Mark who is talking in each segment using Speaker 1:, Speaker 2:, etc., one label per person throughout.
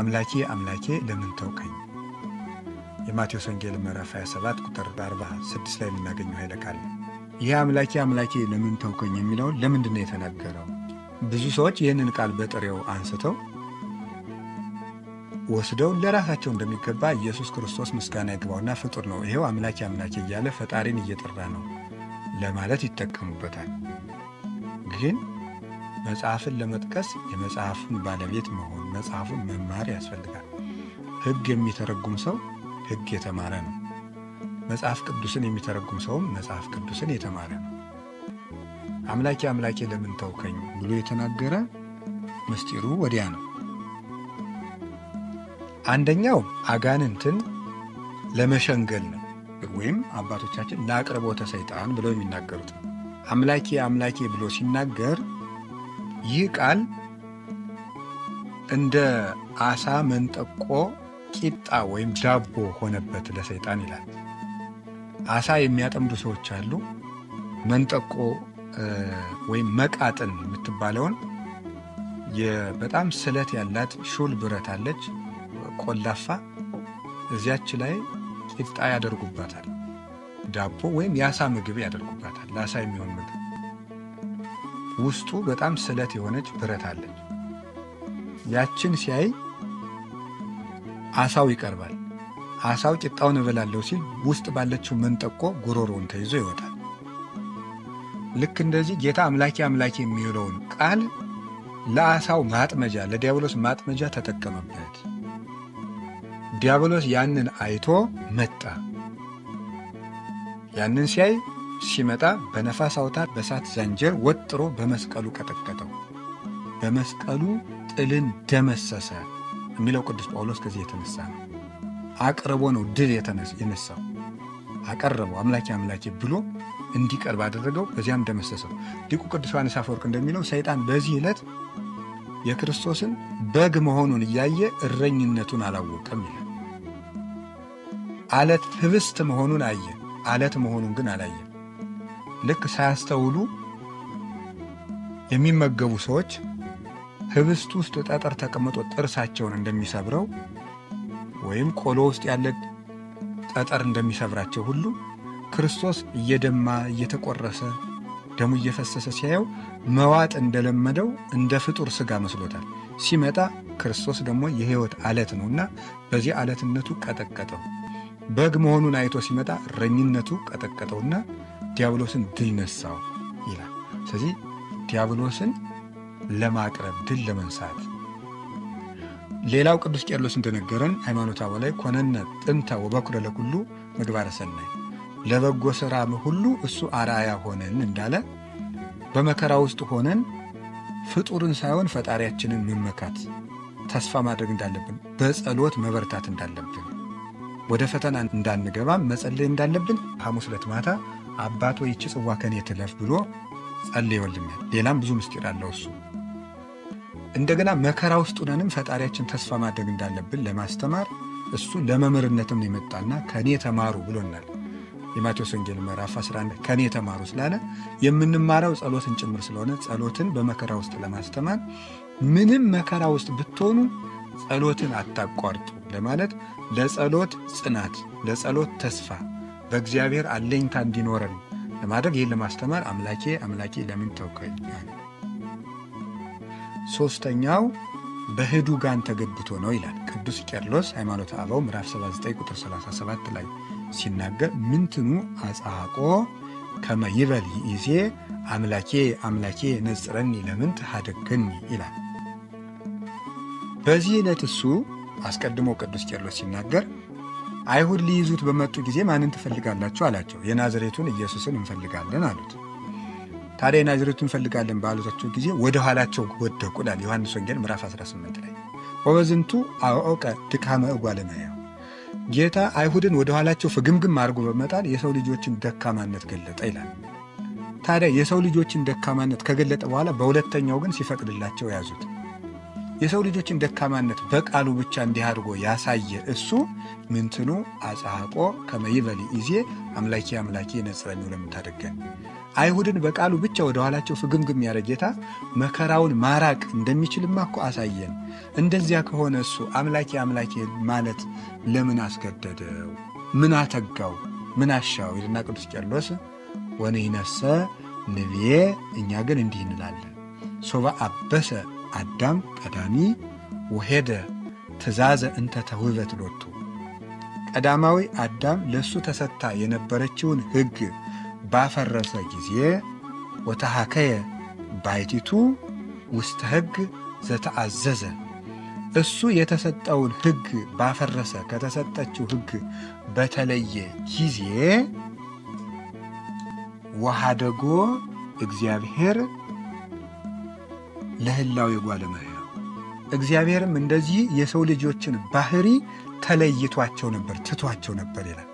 Speaker 1: አምላኬ አምላኬ ለምን ተውከኝ? የማቴዎስ ወንጌል ምዕራፍ 27 ቁጥር 46 ላይ የምናገኘው ኃይለ ቃል ይህ አምላኬ አምላኬ ለምን ተውከኝ የሚለውን ለምንድን ነው የተናገረው? ብዙ ሰዎች ይህንን ቃል በጥሬው አንስተው ወስደው ለራሳቸው እንደሚገባ ኢየሱስ ክርስቶስ ምስጋና ይግባውና ፍጡር ነው፣ ይሄው አምላኬ አምላኬ እያለ ፈጣሪን እየጠራ ነው ለማለት ይጠቀሙበታል። ግን መጽሐፍን ለመጥቀስ የመጽሐፍን ባለቤት መሆኑ መጽሐፉን መማር ያስፈልጋል። ሕግ የሚተረጉም ሰው ሕግ የተማረ ነው። መጽሐፍ ቅዱስን የሚተረጉም ሰውም መጽሐፍ ቅዱስን የተማረ ነው። አምላኬ አምላኬ ለምን ተውከኝ ብሎ የተናገረ ምስጢሩ ወዲያ ነው። አንደኛው አጋንንትን ለመሸንገል ነው፣ ወይም አባቶቻችን ለአቅርቦተ ሰይጣን ብለው የሚናገሩት አምላኬ አምላኬ ብሎ ሲናገር ይህ ቃል እንደ አሳ መንጠቆ ቂጣ ወይም ዳቦ ሆነበት ለሰይጣን ይላል። አሳ የሚያጠምዱ ሰዎች አሉ። መንጠቆ ወይም መቃጥን የምትባለውን በጣም ስለት ያላት ሹል ብረት አለች፣ ቆላፋ። እዚያች ላይ ቂጣ ያደርጉባታል፣ ዳቦ ወይም የአሳ ምግብ ያደርጉባታል፣ ለአሳ የሚሆን ምግብ። ውስጡ በጣም ስለት የሆነች ብረት አለች። ያችን ሲያይ አሳው ይቀርባል። አሳው ቂጣውን እበላለሁ ሲል ውስጥ ባለችው መንጠቆ ጉሮሮውን ተይዞ ይወጣል። ልክ እንደዚህ ጌታ አምላኬ አምላኬ የሚውለውን ቃል ለአሳው ማጥመጃ፣ ለዲያብሎስ ማጥመጃ ተጠቀመበት። ዲያብሎስ ያንን አይቶ መጣ። ያንን ሲያይ ሲመጣ በነፋስ አውታር በሳት ዘንጀር ወጥሮ በመስቀሉ ቀጠቀጠው። በመስቀሉ ጥልን ደመሰሰ የሚለው ቅዱስ ጳውሎስ ከዚህ የተነሳ ነው። አቅርቦ ነው ድል የነሳው። አቀረበው አምላኬ አምላኬ ብሎ እንዲቀርብ አደረገው፣ በዚያም ደመሰሰው። ሊቁ ቅዱስ ዮሐንስ አፈወርቅ እንደሚለው ሰይጣን በዚህ ዕለት የክርስቶስን በግ መሆኑን እያየ እረኝነቱን አላወቀም ይላል። አለት ህብስት መሆኑን አየ፣ አለት መሆኑን ግን አላየም። ልክ ሳያስተውሉ የሚመገቡ ሰዎች ህብስት ውስጥ ጠጠር ተቀምጦ ጥርሳቸውን እንደሚሰብረው ወይም ቆሎ ውስጥ ያለ ጠጠር እንደሚሰብራቸው ሁሉ ክርስቶስ እየደማ እየተቆረሰ ደሙ እየፈሰሰ ሲያየው መዋጥ እንደለመደው እንደ ፍጡር ሥጋ መስሎታል። ሲመጣ ክርስቶስ ደግሞ የሕይወት አለት ነውና በዚህ አለትነቱ ቀጠቀጠው። በግ መሆኑን አይቶ ሲመጣ እረኝነቱ ቀጠቀጠውና ዲያብሎስን ድል ነሳው ይላል። ስለዚህ ዲያብሎስን ለማቅረብ ድል ለመንሳት ሌላው ቅዱስ ቄርሎስ እንደነገረን ሃይማኖተ ላይ ኮነነ ጥንተ ወበኩረ ለኩሉ ምግባረ ሰናይ ለበጎ ሥራ ሁሉ እሱ አርአያ ሆነን እንዳለ በመከራ ውስጥ ሆነን ፍጡርን ሳይሆን ፈጣሪያችንን መመካት ተስፋ ማድረግ እንዳለብን፣ በጸሎት መበርታት እንዳለብን፣ ወደ ፈተና እንዳንገባ መጸለይ እንዳለብን ሐሙስ ዕለት ማታ አባቶ ወይ ይህች ጽዋ ከኔ ትለፍ ብሎ ጸልዮልኛል። ሌላም ብዙ ምስጢር አለው እሱ እንደገና መከራ ውስጥ ሁነንም ፈጣሪያችን ተስፋ ማድረግ እንዳለብን ለማስተማር እሱ ለመምህርነትም የመጣና ከእኔ ተማሩ ብሎናል። የማቴዎስ ወንጌል ምዕራፍ 11 ከእኔ ተማሩ ስላለ የምንማረው ጸሎትን ጭምር ስለሆነ ጸሎትን በመከራ ውስጥ ለማስተማር ምንም መከራ ውስጥ ብትሆኑ ጸሎትን አታቋርጡ ለማለት ለጸሎት ጽናት፣ ለጸሎት ተስፋ በእግዚአብሔር አለኝታ እንዲኖረን ለማድረግ ይህን ለማስተማር አምላኬ አምላኬ ለምን ተውከኝ ሶስተኛው በህዱጋን ተገብቶ ነው ይላል ቅዱስ ቄርሎስ ሃይማኖተ አበው ምዕራፍ 79 ቁጥር 37 ላይ ሲናገር ምንትኑ አጻቆ ከመይበል ይዜ አምላኬ አምላኬ ነጽረኒ ለምን ትሃደግኒ ይላል። በዚህ ዕለት እሱ አስቀድሞ ቅዱስ ቄርሎስ ሲናገር አይሁድ ሊይዙት በመጡ ጊዜ ማንን ትፈልጋላችሁ አላቸው። የናዝሬቱን ኢየሱስን እንፈልጋለን አሉት። ታዲያ የናዝሬቱ እንፈልጋለን ባሉታቸው ጊዜ ወደ ኋላቸው ወደቁ ይላል ዮሐንስ ወንጌል ምዕራፍ 18 ላይ ወበዝንቱ አወቀ ድካመ እጓለመያ ጌታ አይሁድን ወደ ኋላቸው ፍግምግም አድርጎ በመጣል የሰው ልጆችን ደካማነት ገለጠ ይላል። ታዲያ የሰው ልጆችን ደካማነት ከገለጠ በኋላ በሁለተኛው ግን ሲፈቅድላቸው ያዙት። የሰው ልጆችን ደካማነት በቃሉ ብቻ እንዲህ አድርጎ ያሳየ እሱ ምንትኑ አጽሐቆ ከመይበል ይዜ አምላኪ አምላኪ ነጽረኒ ለምታደገን አይሁድን በቃሉ ብቻ ወደ ኋላቸው ፍግምግም ያለ ጌታ መከራውን ማራቅ እንደሚችልማ እኮ አሳየን። እንደዚያ ከሆነ እሱ አምላኪ አምላኪ ማለት ለምን አስገደደው? ምን አተጋው? ምን አሻው? ይልና ቅዱስ ቄርሎስ ወንሕነሰ ንብዬ፣ እኛ ግን እንዲህ እንላለን ሶባ አበሰ አዳም ቀዳሚ ወሄደ ትዛዘ እንተ ተውበት ሎቱ ቀዳማዊ አዳም ለእሱ ተሰጥታ የነበረችውን ሕግ ባፈረሰ ጊዜ ወተሃከየ ባይቲቱ ውስተ ሕግ ዘተአዘዘ እሱ የተሰጠውን ሕግ ባፈረሰ ከተሰጠችው ሕግ በተለየ ጊዜ ወሃደጎ እግዚአብሔር ለህላው የጓለመህ እመሕያው እግዚአብሔርም እንደዚህ የሰው ልጆችን ባህሪ ተለይቷቸው ነበር፣ ትቷቸው ነበር ይላል።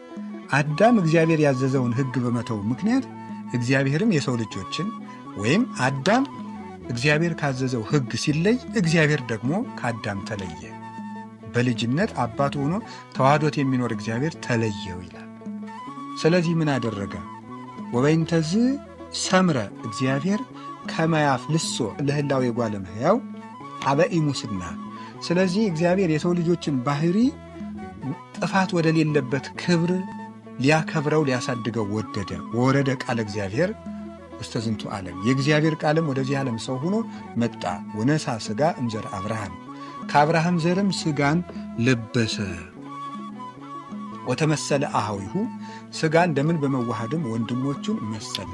Speaker 1: አዳም እግዚአብሔር ያዘዘውን ሕግ በመተው ምክንያት እግዚአብሔርም የሰው ልጆችን ወይም አዳም እግዚአብሔር ካዘዘው ሕግ ሲለይ እግዚአብሔር ደግሞ ከአዳም ተለየ። በልጅነት አባቱ ሆኖ ተዋህዶት የሚኖር እግዚአብሔር ተለየው ይላል። ስለዚህ ምን አደረገ? ወበይንተዝ ሰምረ እግዚአብሔር ከመያፍ ልሶ ለህላው የጓለ እምሕያው አበኢ ስለዚህ እግዚአብሔር የሰው ልጆችን ባህሪ ጥፋት ወደሌለበት ክብር ሊያከብረው ሊያሳድገው ወደደ። ወረደ ቃለ እግዚአብሔር ውስተ ዝንቱ ዓለም፣ የእግዚአብሔር ቃልም ወደዚህ ዓለም ሰው ሆኖ መጣ። ወነሳ ሥጋ እምዘር አብርሃም፣ ከአብርሃም ዘርም ሥጋን ለበሰ። ወተመሰለ አሃዊሁ ሥጋን ደምን በመዋሃድም ወንድሞቹን መሰለ።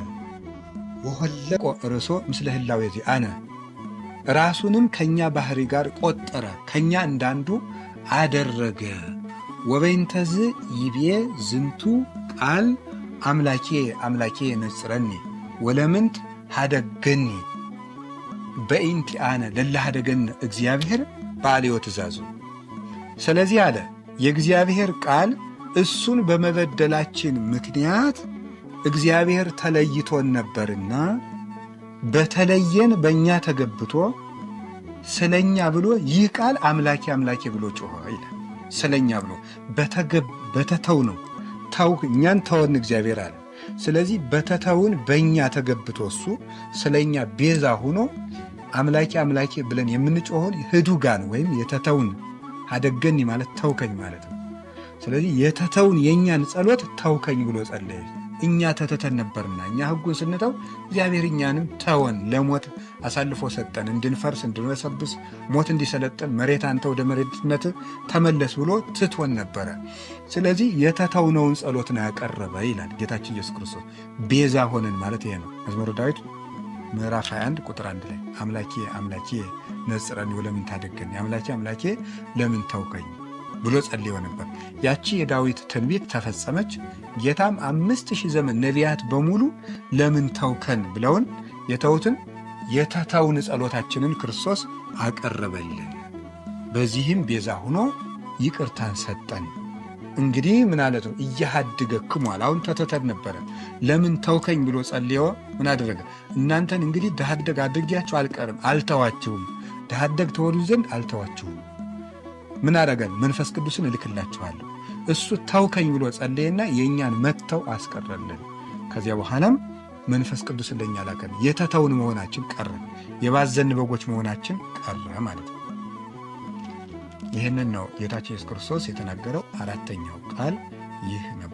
Speaker 1: ወሆለቆ ርሶ ምስለ ህላዌ አነ ራሱንም ከእኛ ባህሪ ጋር ቆጠረ፣ ከእኛ እንዳንዱ አደረገ። ወበይንተዝ ይብየ ዝንቱ ቃል አምላኬ አምላኬ ነጽረኒ ወለምንት ሃደገኒ በኢንቲ ለላ ለለሃደገን እግዚአብሔር በአልዮ ትእዛዙ። ስለዚህ አለ የእግዚአብሔር ቃል እሱን በመበደላችን ምክንያት እግዚአብሔር ተለይቶን ነበርና በተለየን በእኛ ተገብቶ ስለኛ ብሎ ይህ ቃል አምላኬ አምላኬ ብሎ ጮኸ ይላል። ስለኛ ብሎ በተተው ነው ተው እኛን ተወን እግዚአብሔር አለ። ስለዚህ በተተውን በእኛ ተገብቶ እሱ ስለኛ ቤዛ ሆኖ አምላኬ አምላኬ ብለን የምንጮሆን ህዱጋን ወይም የተተውን አደገኒ ማለት ተውከኝ ማለት ነው። ስለዚህ የተተውን የእኛን ጸሎት ተውከኝ ብሎ ጸለየ። እኛ ተተተን ነበርና እኛ ህጉን ስንተው እግዚአብሔር እኛንም ተወን፣ ለሞት አሳልፎ ሰጠን፣ እንድንፈርስ፣ እንድንበሰብስ፣ ሞት እንዲሰለጥን፣ መሬት አንተ ወደ መሬትነት ተመለስ ብሎ ትቶን ነበረ። ስለዚህ የተተውነውን ጸሎት ነው ያቀረበ ይላል ጌታችን ኢየሱስ ክርስቶስ። ቤዛ ሆነን ማለት ይሄ ነው። መዝሙረ ዳዊት ምዕራፍ 21 ቁጥር 1 ላይ አምላኬ አምላኬ ነጽረኒ ለምን ታደገኝ፣ አምላኬ አምላኬ ለምን ተውከኝ ብሎ ጸልዮ ነበር። ያቺ የዳዊት ትንቢት ተፈጸመች። ጌታም አምስት ሺህ ዘመን ነቢያት በሙሉ ለምን ተውከን ብለውን የተውትን የተተውን ጸሎታችንን ክርስቶስ አቀረበልን። በዚህም ቤዛ ሆኖ ይቅርታን ሰጠን። እንግዲህ ምን አለት ነው እያሃድገ ክሟል። አሁን ተተተን ነበረ። ለምን ተውከኝ ብሎ ጸልዮ ምን አደረገ? እናንተን እንግዲህ ዳሃደግ አድርጊያችሁ አልቀርም አልተዋችሁም፣ ዳሃደግ ተወዱ ዘንድ አልተዋችሁም ምን አረገን? መንፈስ ቅዱስን እልክላችኋለሁ። እሱ ታውከኝ ብሎ ጸለየና የእኛን መተው አስቀረልን። ከዚያ በኋላም መንፈስ ቅዱስ ለእኛ ላከን። የተተውን መሆናችን ቀረ፣ የባዘን በጎች መሆናችን ቀረ ማለት ነው። ይህንን ነው ጌታችን ኢየሱስ ክርስቶስ የተናገረው። አራተኛው ቃል ይህ ነው።